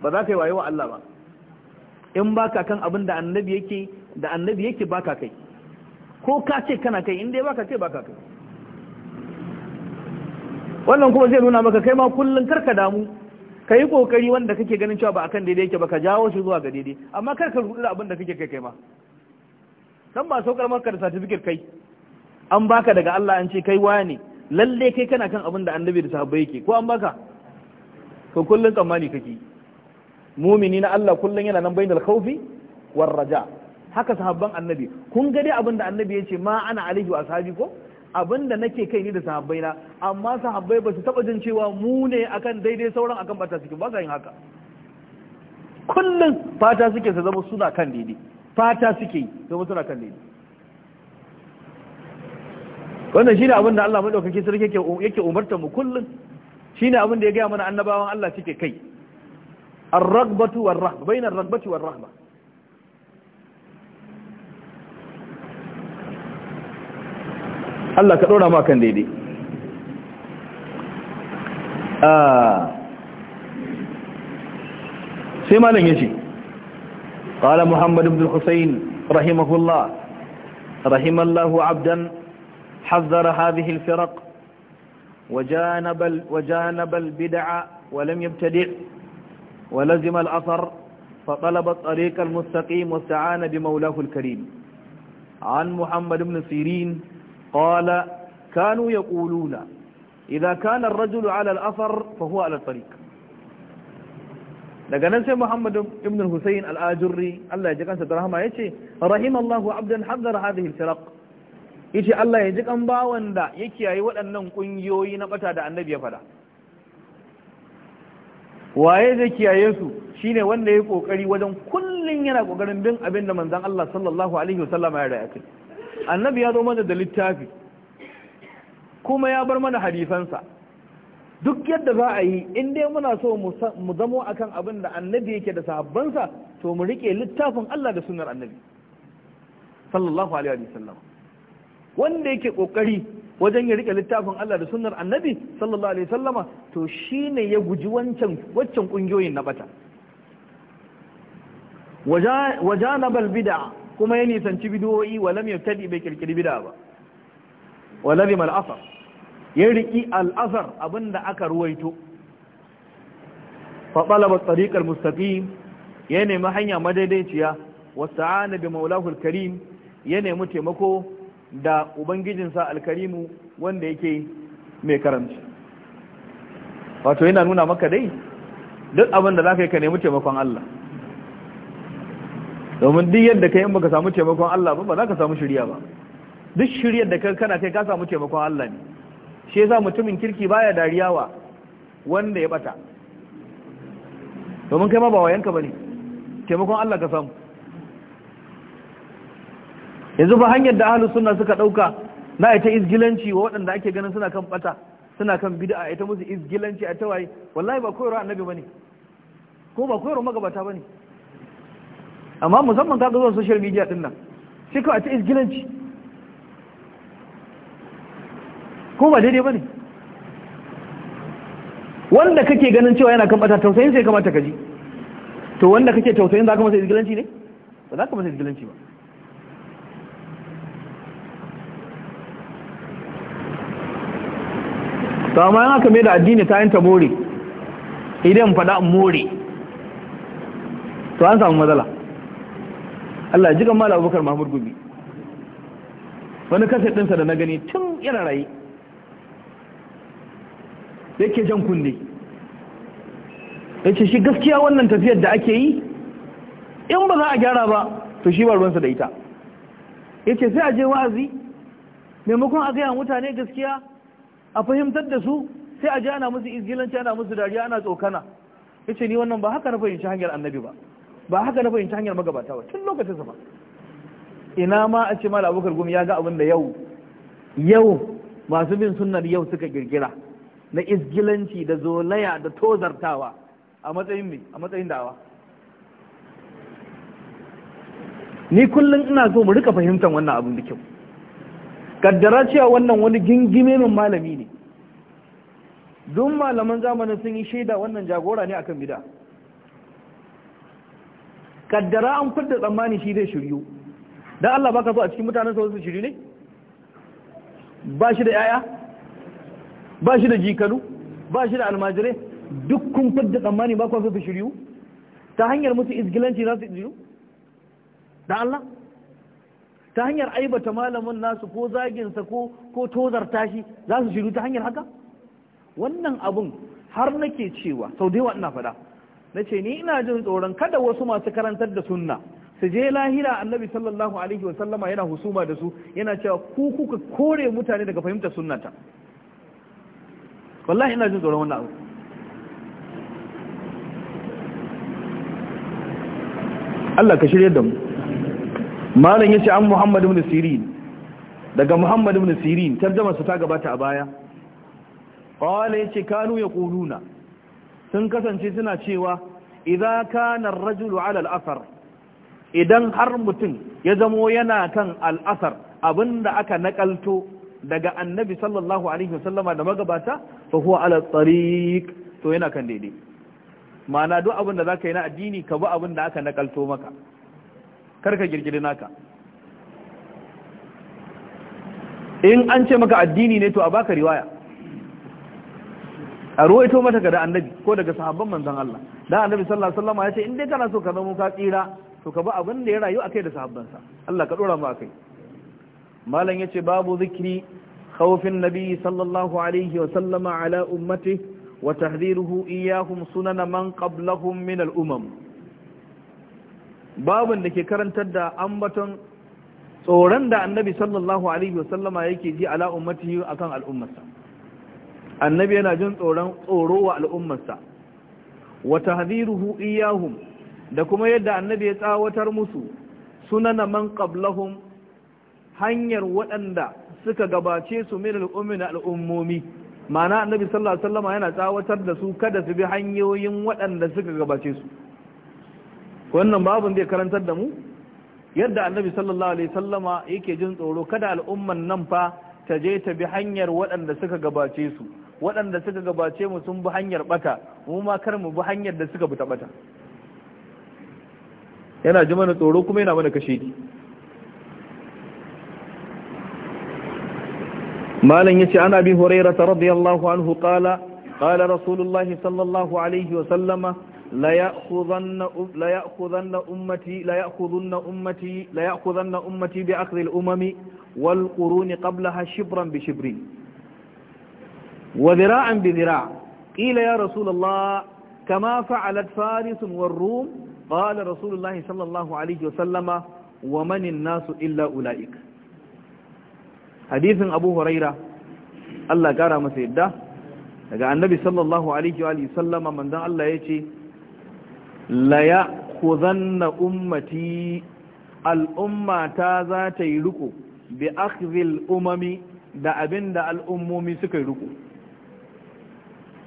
Speaker 1: ba za ka yi wayo wa Allah ba in baka kan abin da annabi yake da annabi yake baka kai ko ka ce kana kai in dai baka ce baka kai wannan kuma zai nuna maka kai ma kullun karka damu ka yi kokari wanda kake ganin cewa ba akan daidai yake ba ka jawo shi zuwa ga daidai amma kar ka rudu da abin da kake kai kai ma san ba saukar maka da certificate kai an baka daga Allah an ce kai ne lalle kai kana kan abin da annabi da sahabbai yake ko an baka Ko kullun tsammani kake yi mumini na Allah kullum yana nan bainal khawfi war raja haka sahabban annabi kun ga dai abin da annabi yace ma ana alaihi wa ashabi ko abin da nake kai ni da sahabbai na amma sahabbai ba su taba jin cewa mu ne akan daidai sauran akan bata suke ba sa yin haka kullum fata suke su zama suna kan daidai fata suke yi zama suna kan daidai wannan shine abin da Allah madaukake sarki yake umartar mu kullum shine abin da ya gaya mana annabawan Allah suke kai الرغبة والرهبة بين الرغبة والرحمة الله كدونا ما كان ديدي سيما آه. لنجي قال محمد بن الحسين رحمه الله رحم الله عبدا حذر هذه الفرق وجانب, وجانب البدع ولم يبتدع ولزم الأثر فطلب الطريق المستقيم واستعان بمولاه الكريم عن محمد بن سيرين قال كانوا يقولون إذا كان الرجل على الأثر فهو على الطريق لقد نسي محمد بن الحسين الآجري الله يجب أن ستراه ما يشي رحم الله عبدا حذر هذه الشرق yace الله ya ji kan bawan da اي yayi waɗannan kungiyoyi na ɓata da annabi ya fada waye zai kiyaye su shine wanda ya kokari wajen kullun yana kokarin bin abinda da manzon Allah sallallahu alaihi wasallama ya annabi ya zo mana da littafi kuma ya bar mana hadisansa duk yadda za a yi in dai muna so mu zamo akan abinda annabi yake da sahabbansa to mu rike littafin Allah da sunnar annabi sallallahu alaihi wasallam wanda yake kokari wajen ya rike littafin Allah da sunnar annabi sallallahu alaihi sallama to shine ya guji wancan waccan kungiyoyin na bata wajanabal bid'a kuma ya nisanci bid'o'i wa lam yabtadi bai kirkiri bid'a ba wa lazim al ya riki al'asar abinda aka ruwaito fa talaba at mustaqim ya nemi hanya madaidaiciya wa sa'ana bi maulahu al-karim ya nemi taimako da ubangijinsa alkarimu wanda yake mai karanci. wato yana nuna maka dai duk abin da za ka yi ka nemi taimakon Allah domin duk yadda ka yi ka samu taimakon Allah ba ba za ka samu shirya ba duk shiryar da kana kai ka samu taimakon Allah ne shi yasa mutumin kirki baya dariyawa wanda ya bata domin kai ma ba wayanka bane taimakon Allah ka samu yanzu ba hanyar da ahalus sunna suka dauka na ita izgilanci wa waɗanda ake ganin suna kan bata suna kan bid'a ita musu izgilanci a tawaye wallahi ba koyarwa annabi bane ko ba koyarwa magabata bane amma musamman ka zuwa social media din nan sai kawai a ta izgilanci ko ba daidai bane wanda kake ganin cewa yana kan bata tausayin sai kamata ka ji to wanda kake tausayin za ka masa izgilanci ne ba za ka masa izgilanci ba to amma yana kame da addini ta ta more idan faɗa more to an samu matsala Allah ji kan mala abubakar mahmud gumi wani kasar dinsa da na gani tun yana raye yake jan kunne yace shi gaskiya wannan tafiyar da ake yi in ba za a gyara ba to shi ba ruwansa da ita yace sai a je wa'azi maimakon a gaya mutane gaskiya a fahimtar da su sai a ji ana musu izgilanci ana musu dariya ana tsokana yace ni wannan ba haka na fahimci hanyar annabi ba ba haka na fahimci hanyar magabata ba tun lokacin sa ba ina ma a ce mala abubakar gumi ya ga abin da yau yau masu bin sunnar yau suka girgira na izgilanci da zolaya da tozartawa a matsayin mai a matsayin dawa ni kullum ina so mu rika fahimtar wannan abin da kyau kaddara cewa wannan wani min malami ne duk malaman zamanin sun yi shaida wannan jagora ne akan bida kaddara an kudda tsammani shi zai shiryu don Allah baka so a cikin mutanen wasu shiryu ne ba shi da yaya ba shi da jikalu ba shi da almajirai duk kun kudda tsammani ba kwa so su shiryu ta hanyar musu izgilanci za su shiryu da Allah ta hanyar aibata malamin nasu ko zaginsa ko ko tozar tashi za su shiru ta hanyar haka wannan abun har nake cewa sau da yawa ina faɗa na ce ni ina jin tsoron kada wasu masu karantar da sunna su je lahira annabi sallallahu alaihi wasallama yana husuma da su yana cewa ku kuka kore mutane daga fahimtar sunnata wallahi ina jin tsoron wannan abu Allah ka shirya da mu malam yace an Muhammad ibn Sirin daga Muhammad ibn Sirin tarjuma su ta gabata a baya qala yace kanu yaquluna sun kasance suna cewa idza kana ar-rajulu 'ala al-athar idan har mutum ya zamo yana kan al-athar abinda aka nakalto daga annabi sallallahu alaihi wasallama da magabata fa huwa ala tariq to yana kan daidai ma'ana duk abin da zaka yi na addini ka bi abin da aka nakalto maka karka girgiri naka in an ce maka addini ne to a baka riwaya a ruwaito mata ga da annabi ko daga sahabban manzon Allah dan annabi sallallahu alaihi wasallam ya ce in dai kana so ka zama ka tsira to ka bi abin da ya rayu akai da sahabbansa Allah ka dora mu akai malam yace babu zikri khawfin nabi sallallahu alaihi wasallama ala ummati wa tahziruhu iyyahum na man qablahum min al-umam babin da ke karantar da ambaton tsoron da annabi sallallahu alaihi wasallama yake ji ala ummatihi akan al'ummarsa annabi yana jin tsoron tsoro wa al'ummarsa wa tahdhiruhu iyahum da kuma yadda annabi ya tsawatar musu sunana man qablahum hanyar waɗanda suka gabace su min al'ummi na al'ummomi ma'ana annabi sallallahu alaihi wasallama yana tsawatar da su kada su bi hanyoyin waɗanda suka gabace su wannan babun zai karantar da mu yadda annabi sallallahu alaihi sallama yake jin tsoro kada al'umman nan fa ta je ta bi hanyar waɗanda suka gabace su waɗanda suka gabace mu sun bi hanyar bata mu ma kar mu bi hanyar da suka bi bata yana ji mana tsoro kuma yana mana kashe ki malam yace ana bi hurairah radiyallahu anhu qala qala rasulullahi sallallahu alaihi wa sallama ليأخذن ليأخذن أمتي ليأخذن أمتي ليأخذن أمتي بأخذ الأمم والقرون قبلها شبرا بشبر وذراعا بذراع قيل يا رسول الله كما فعلت فارس والروم قال رسول الله صلى الله عليه وسلم ومن الناس إلا أولئك حديث أبو هريرة الله قال مسيدة daga annabi sallallahu alaihi wa sallama manzon Allah yace laya ku zanna ummati al'ummata za ta yi riko bi akhzil umami da abinda da al'ummomi suka yi riko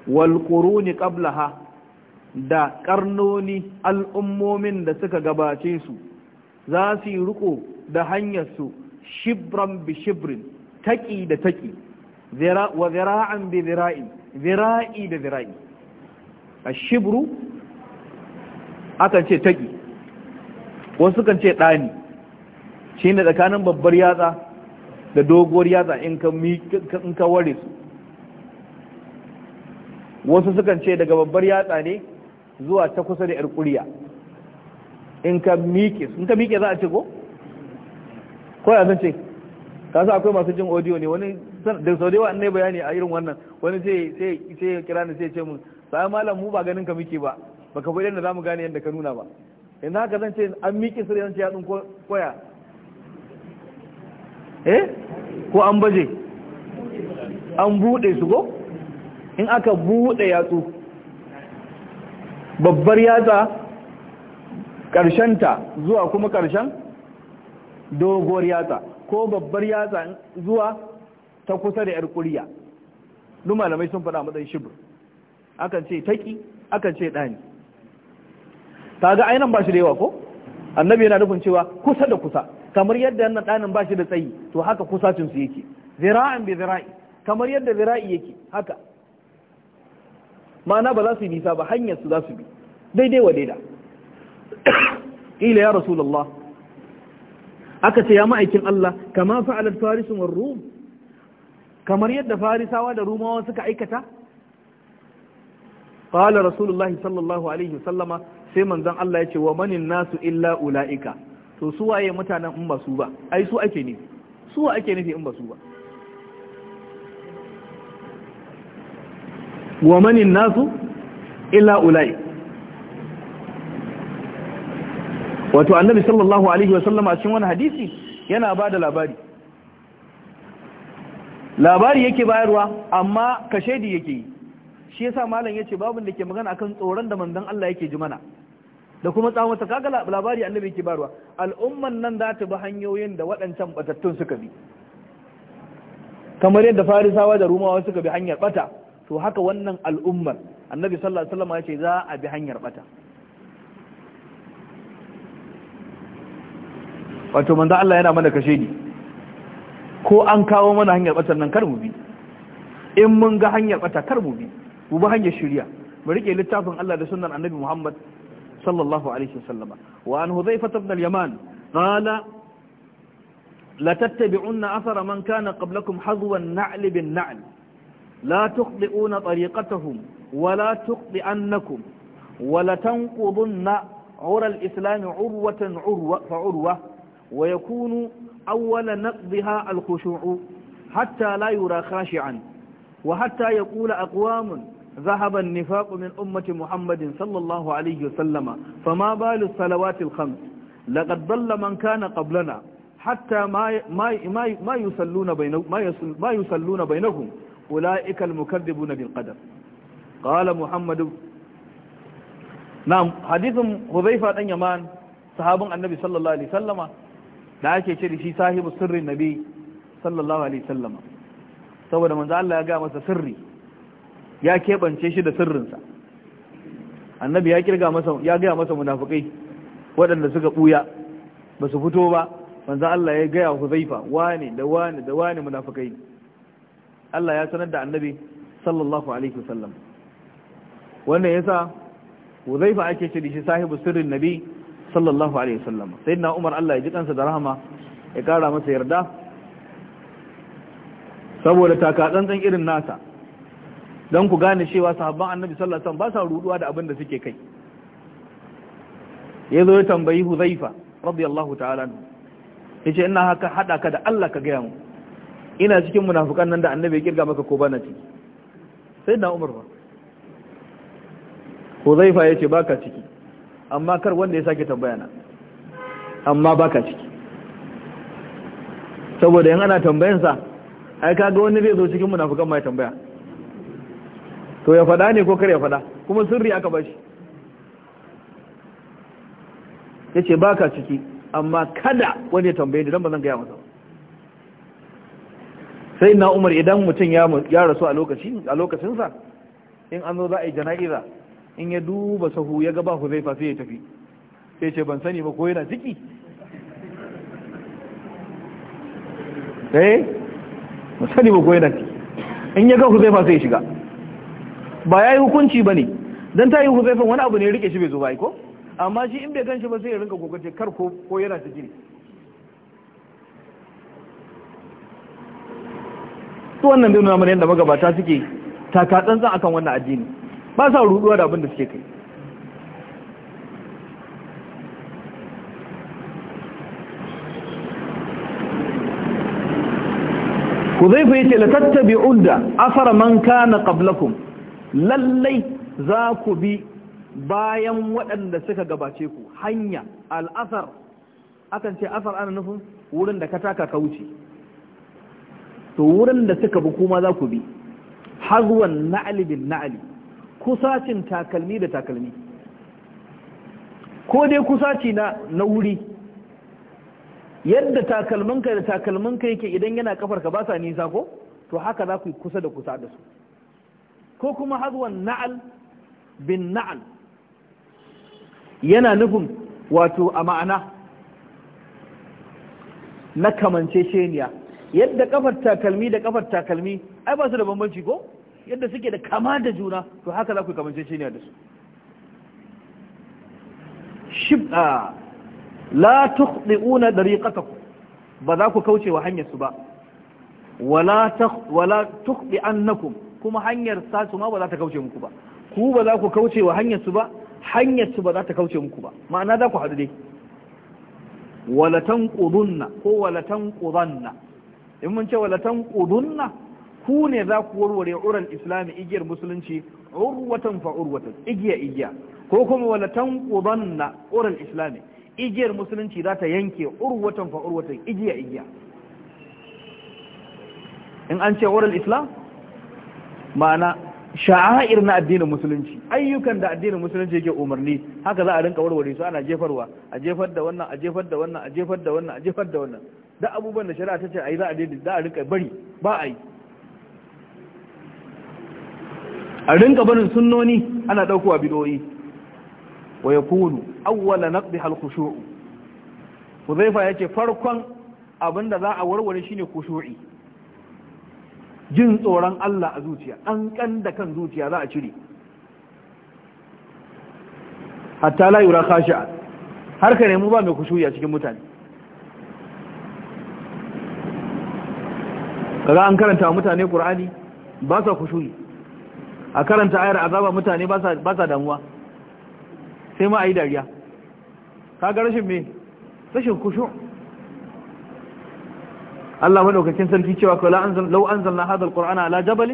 Speaker 1: wal quruni qablaha da ƙarnoni al'ummomin da suka gabace su za su yi riko da hanyar su shibran bi shibrin taki da taki wa zira'an bi zira'in zira'i da zira'i ashibru akan ce taƙi wasu kan ce ɗani shi ne tsakanin babbar yatsa da doguwar yatsa in ka ware su wasu sukan ce daga babbar yatsa ne zuwa ta kusa da 'yar ƙuriya in ka miƙe in ka miƙe za a ce ko? ko ya zan ce ka sa akwai masu jin audio ne wani da sau da yawa ne bayani a irin wannan wani sai ya kira ni sai ce mun sai malam mu ba ganin ka miƙe ba baka bai yadda zamu gane yadda ka nuna ba yanzu haka zan ce an miƙe sirri zan ce ya koya eh ko an baje an buɗe su ko in aka buɗe yatsu babbar yatsa ta zuwa kuma ƙarshen doguwar yatsa ko babbar yatsa zuwa ta kusa da 'yar Numa da mai sun faɗa matsayin shibir akan ce taƙi akan ce ɗani kaga ainihin ba shi da yawa ko annabi yana nufin cewa kusa da kusa kamar yadda wannan ɗanin ba shi da tsayi to haka kusacin su yake zira'an bi zira'i kamar yadda zira'i yake haka ma'ana ba za su yi nisa ba hanyar su za su bi daidai wa daida ila ya rasulullah aka ce ya ma'aikin Allah kama fa'alat farisun war rum kamar yadda farisawa da rumawa suka aikata qala rasulullahi sallallahu alaihi wasallama sai manzon Allah ya ce wa manin nasu illa ulaika to su waye mutanen in ba su ba ai su ake ne su wa ake nufi in ba su ba wa manin nasu illa ula'i wato annabi sallallahu alaihi wa sallama cikin wani hadisi yana bada labari labari yake bayarwa amma kashedi yake yi shi yasa malam yace babun da ke magana akan tsoron da manzon Allah yake ji mana da kuma tsawon wata kaga labari annabi ke barwa al'umman nan za ta bi hanyoyin da waɗancan batattun suka bi kamar yadda farisawa da rumawa suka bi hanyar bata to haka wannan al'ummar annabi sallallahu alaihi wasallam ya ce za a bi hanyar bata wato manzo Allah yana mana kashe ni ko an kawo mana hanyar bata nan kar mu bi in mun ga hanyar bata kar mu bi mu bi hanyar shari'a mu rike littafin Allah da sunnar annabi Muhammad صلى الله عليه وسلم وعن هذيفة بن اليمان قال لتتبعن أثر من كان قبلكم حظو النعل بالنعل لا تخطئون طريقتهم ولا تخطئنكم ولتنقضن عرى الإسلام عروة عروة فعروة ويكون أول نقضها الخشوع حتى لا يرى خاشعا وحتى يقول أقوام ذهب النفاق من أمة محمد صلى الله عليه وسلم فما بال الصلوات الخمس لقد ضل من كان قبلنا حتى ما ما ما يصلون بين ما يصلون بينهم أولئك المكذبون بالقدر قال محمد نعم حديث حذيفة بن يمان صحاب النبي صلى الله عليه وسلم da ake ce da shi sahibu sirrin nabi sallallahu alaihi sallama saboda manzo Allah ya ga masa sirri ya keɓance shi da sirrinsa annabi ya kirga masa ya gaya masa munafukai waɗanda suka ɓuya ba su fito ba manzan Allah ya gaya wa huzaifa wane da wane da wane munafukai ne Allah ya sanar da annabi sallallahu alaihi wasallam wannan yasa huzaifa ake ce da shi sahibu sirrin nabi sallallahu alaihi wasallam sayyidina Umar Allah ya ji kansa da rahama ya kara masa yarda saboda takatsantsan irin nasa don ku gane cewa sahabban annabi sallallahu alaihi wasallam ba sa ruduwa da abin da suke kai ya zo ya tambayi huzaifa radiyallahu ta'ala ya ce ina haka haɗa ka da Allah ka gaya mu ina cikin munafukan nan da annabi ya kirga maka ko bana ciki sai na umar ba huzaifa ya ce baka ciki amma kar wanda ya sake tambaya na amma baka ciki saboda yan ana tambayansa ai kaga wani zai zo cikin munafukan mai ya tambaya to ya faɗa ne ko kar ya faɗa kuma sirri aka bashi ya ce ba ka ciki amma kada wani tambaye ni don ba zan gaya masa sai na umar idan mutum ya rasu a lokacinsa in an zo za a yi jana'iza in ya duba sahu ya gaba ku zai fasi ya tafi sai ce ban sani ba ko yana ciki eh ban sani ba ko yana ciki in ya ga ku zai fasi ya shiga ba ya yi hukunci ba ne don ta yi huzaifa wani abu ne ya rike shi bai zo ba ko amma shi in bai ganshi ba sai ya rinka kokace kar ko yana ta jini to wannan bai nuna mana yadda magabata suke taka tsantsan akan wannan addini ba sa ruduwa da abin da suke kai Huzaifa yace la tattabi'un da asara man kana qablakum lallai za ku bi bayan waɗanda suka gabace ku hanya al'asar akan ce asar ana nufin wurin da ka taka ka wuce to wurin da suka bi kuma za ku bi hazwan na'ali bin na'ali kusacin takalmi da takalmi ko dai kusaci na na wuri yadda takalminka da takalminka yake idan yana ka ba sa nisa ko to haka za ku yi kusa da kusa da su ko kuma hazwan na'al bin na'al yana nufin wato a ma'ana na kamance sheniya yadda kafar takalmi da kafar takalmi ai ba su da bambanci ko yadda suke da kama da juna to haka za ku kamance sheniya da su shib'a la tukhdi'una dariqatakum ba za ku kauce wa hanyar su ba wala tukhdi annakum kuma hanyar sasu ma ba za ta kauce muku ba ku ba za ku kauce wa hanyar su ba hanyar su ba za ta kauce muku ba ma'ana za ku haɗu dai Walatan tanqudunna ko walatan tanqudanna in mun ce walatan tanqudunna ku ne za ku warware uran islami igiyar musulunci urwatan fa urwatan igiya igiya ko kuma wala tanqudanna uran islami igiyar musulunci za ta yanke urwatan fa urwatan igiya igiya in an ce uran islam ma'ana sha'air na addinin musulunci ayyukan da addinin musulunci yake umarni haka za a rinka warware su ana jefarwa a jefar da wannan a jefar da wannan a jefar da wannan a jefar da wannan da abubuwan da shari'a ta ce a yi za a daidai za a rinka bari ba a yi a rinka barin sunnoni ana ɗaukowa bidoyi wa ya kunu awwala naqdi hal khushu'u huzaifa yace farkon abinda za a warware shine khushu'i jin tsoron Allah a zuciya an kan da kan zuciya za a cire hatta la yura khashi'a har ka nemi ba mai kushuyi a cikin mutane kaga an karanta mutane qur'ani ba sa kushuyi a karanta ayar azaba mutane ba sa ba sa damuwa sai ma ayi dariya Ka ga rashin me rashin kushuyi Allah madaukakin sarki cewa ko lau anzal law anzalna hadha alqur'ana ala jabal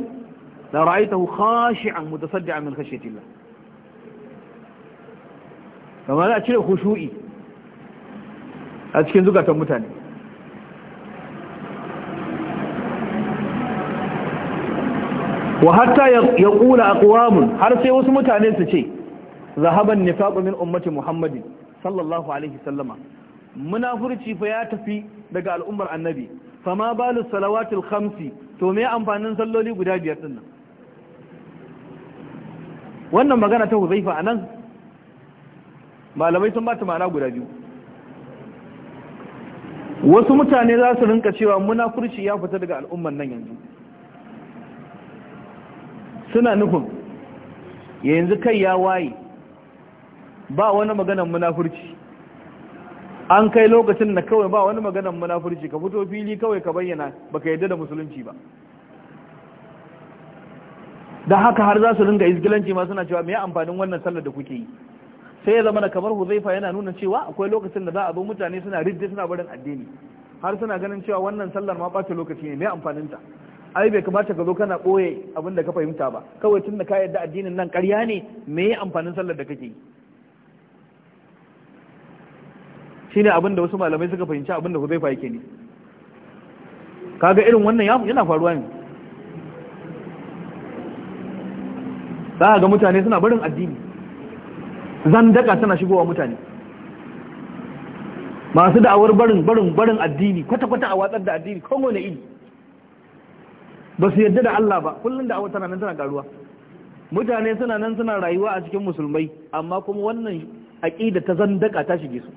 Speaker 1: la ra'aytahu khashi'an mutasaddian min khashyati Allah kamar a cire hushu'i a cikin zukatan mutane wa hatta a ƙuwamun har sai wasu mutane su ce zahaban nifaqu min ummati muhammadin sallallahu alaihi sallama munafurci fa ya tafi daga al'ummar annabi fama balu salawatul khamsi to me amfanin salloli guda biyar din nan wannan magana ta huzaifa anan malamai sun bata ma'ana guda biyu wasu mutane za su rinka cewa munafurci ya fita daga al'umman nan yanzu suna nufin yanzu kai ya waye ba wani maganan munafurci an kai lokacin da kawai ba wani maganan munafurci ka fito fili kawai ka bayyana baka yadda da musulunci ba da haka har za su ringa izgilanci ma suna cewa me amfanin wannan sallar da kuke yi sai ya zama da kamar huzaifa yana nuna cewa akwai lokacin da za a zo mutane suna ridda suna barin addini har suna ganin cewa wannan sallar ma bata lokaci ne me amfanin ta ai bai kamata ka zo kana ɓoye abin da ka fahimta ba kawai tun da ka yadda addinin nan ƙarya ne me amfanin sallar da kake yi ne abinda wasu malamai suka fahimci abinda Huzaifa yake ne kaga irin wannan yana faruwa ne za ga mutane suna barin addini zandaka suna shigowa mutane masu da'awar barin barin barin addini kwata-kwata a watsar da addini na ili ba su yadda da Allah ba kullum da'awar tana nan tana karuwa mutane suna nan suna rayuwa a cikin musulmai amma kuma wannan aƙida ta zandaka ta shige su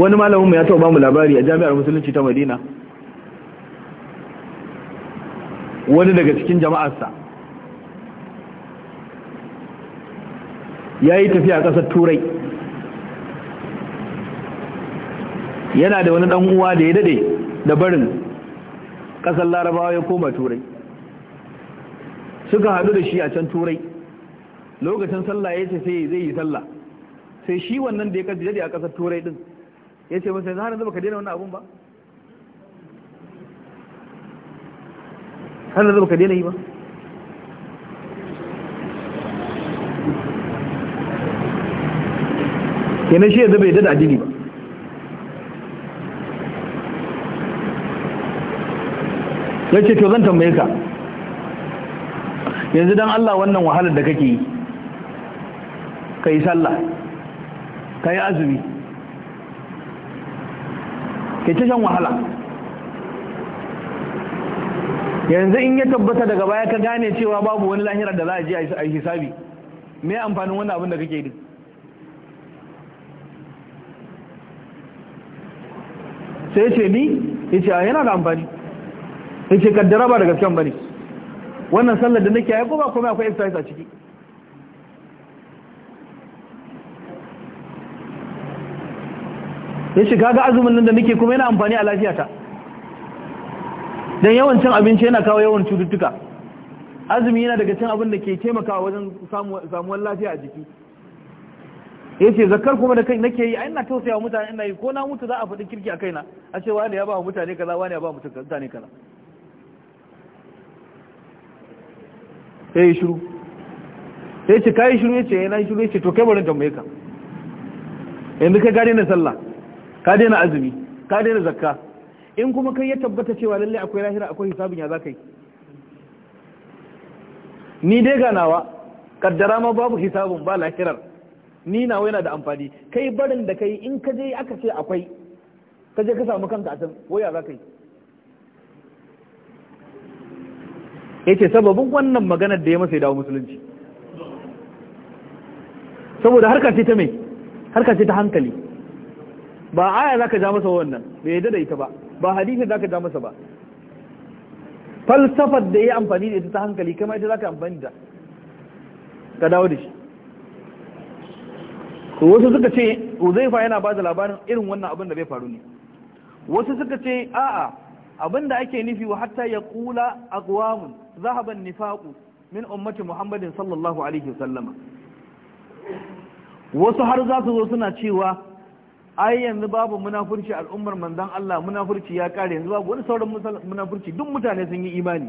Speaker 1: wani malamin mu ya taɓa bamu labari a jami'ar musulunci ta madina wani daga cikin jama'arsa ya yi tafiya a ƙasar turai yana da wani uwa da ya dade da barin ƙasar larabawa ya koma turai suka haɗu da shi a can turai lokacin sallah ya sai zai yi sallah sai shi wannan da ya kaji dade a ƙasar turai ɗin ya ce masa yanzu hannun yanzu ka daina wannan abun ba hannun yanzu ka daina yi ba kenan shi yanzu bai dada addini ba ya ce to zan tambaye ka yanzu don Allah wannan wahalar da kake yi ka yi sallah ka yi azumi kai ta shan wahala yanzu in ya tabbata daga baya ka gane cewa babu wani lahira da za a je a yi hisabi me amfanin wani abin da kake yi sai ce ni yace yana da amfani yace kaddara ba da ba bane wannan sallar da nake yi ko ba komai akwai exercise a ciki ya shiga ga azumin nan da nake kuma yana amfani a lafiyata don yawan cin abinci yana kawo yawan cututtuka azumi yana daga cin abin da ke taimakawa wajen samuwar lafiya a jiki ya ce zakar kuma da kai nake yi a ina tausaya wa mutane ina yi ko na mutu za a faɗi kirki a kaina a ce wani ya ba wa mutane kaza wani ya ba mutane kaza ya yi shiru ya ce ka yi shiru ya ce yana eh, yi shiru ya ce to kai barin tambaye ka yanzu ka gane na sallah ka daina azumi ka daina zakka in kuma kai ya tabbata cewa lalle akwai lahira akwai hisabin ya zakai ni dai ganawa kaddara ma babu hisabin ba lahirar ni nawa yana da amfani kai barin da kai in ka je aka ce akwai ka je ka samu kanka a can waya ya ka yi ya sababin wannan maganar da ya masa ya dawo musulunci saboda harka ce ta mai harka ce ta hankali ba aya zaka ja masa wannan bai yadda da ita ba ba hadisi zaka ja masa ba falsafar da ya amfani da ita ta hankali kama ita zaka amfani da ka dawo da shi wasu suka ce uzaifa yana ba da labarin irin wannan abin da bai faru ne wasu suka ce a'a abin da ake nufi wa hatta ya kula aqwamun zahaban nifaqu min ummati muhammadin sallallahu alaihi wasallama wasu har za su zo suna cewa ai yanzu babu munafurci al'ummar manzon Allah munafurci ya kare yanzu babu wani sauran munafurci duk mutane sun yi imani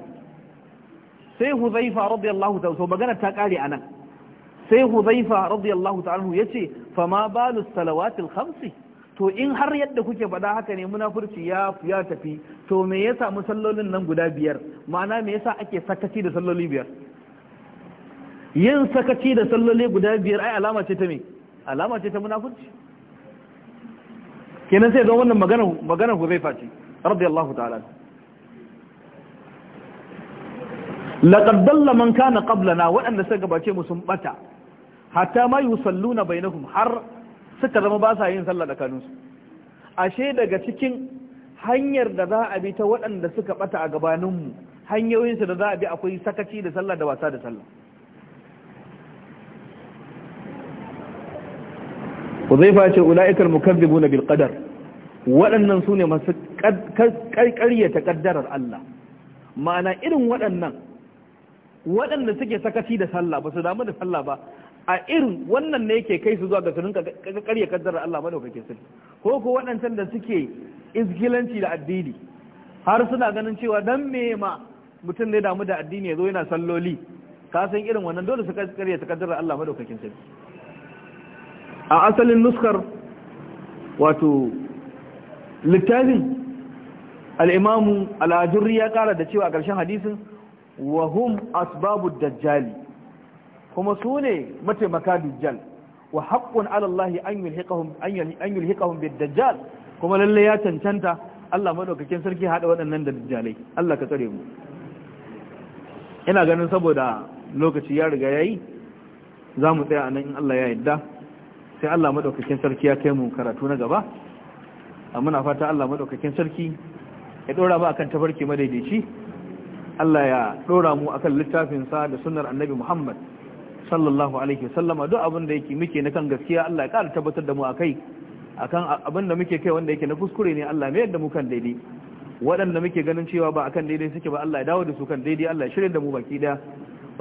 Speaker 1: sai Huzaifa radiyallahu ta'ala so magana ta kare anan sai Huzaifa radiyallahu ta'ala yace fa ma balus salawatil khamsi to in har yadda kuke faɗa haka ne munafurci ya ya tafi to me yasa musallolin nan guda biyar ma'ana me yasa ake sakaci da salloli biyar yin sakaci da salloli guda biyar ai alama ce ta me alama ce ta munafurci kenan sai zo wannan maganar maganar Huzaifa ce radiyallahu ta'ala laqad dalla man kana qablana waɗanda suka gabace mu sun bata hatta ma yusalluna bainahum har suka zama ba sa yin sallah da kanunsu ashe daga cikin hanyar da za a bi ta waɗanda suka bata a gabaninmu hanyoyinsu da za a bi akwai sakaci da sallah da wasa da sallah huzaifa ce ula'ikal mukazzibuna na qadar waɗannan su ne masu ƙarƙaryata ƙaddarar Allah ma'ana irin waɗannan waɗanda suke sakaci da sallah ba su damu da sallah ba a irin wannan ne yake kai su zuwa ga sunan ƙarya ƙaddarar Allah madaukakin sun ko ko waɗancan da suke izgilanci da addini har suna ganin cewa dan me ma mutum ne damu da addini ya zo yana salloli ka san irin wannan dole su ƙarya ta ƙaddarar Allah madaukakin sun a asalin nuskar wato littafin al'imamu al'ajirri ya ƙara da cewa a ƙarshen hadisin wahum asbabu dajjali kuma su ne mataimaka dajjal wa haƙƙun alallahi an yi hikahun bai dajjal kuma lallai ya cancanta Allah maɗaukakin sarki haɗa waɗannan da dajjalai Allah ka tsare mu ina ganin saboda lokaci ya riga ya yi, za mu tsaya a nan in Allah ya yadda sai Allah madaukakin sarki ya kai mu karatu na gaba muna fata Allah madaukakin sarki ya dora mu akan tafarki madaidaici Allah ya dora mu akan littafin sa da sunnar Annabi Muhammad sallallahu alaihi wasallama duk abin da yake muke na kan gaskiya Allah ya ƙara tabbatar da mu akai akan abin da muke kai wanda yake na kuskure ne Allah mai yadda mu kan daidai waɗanda muke ganin cewa ba akan daidai suke ba Allah ya dawo da su kan daidai Allah ya shirya da mu baki daya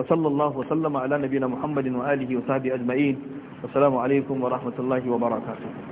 Speaker 1: وصلى الله وسلم على نبينا محمد وآله وصحبه أجمعين والسلام عليكم ورحمة الله وبركاته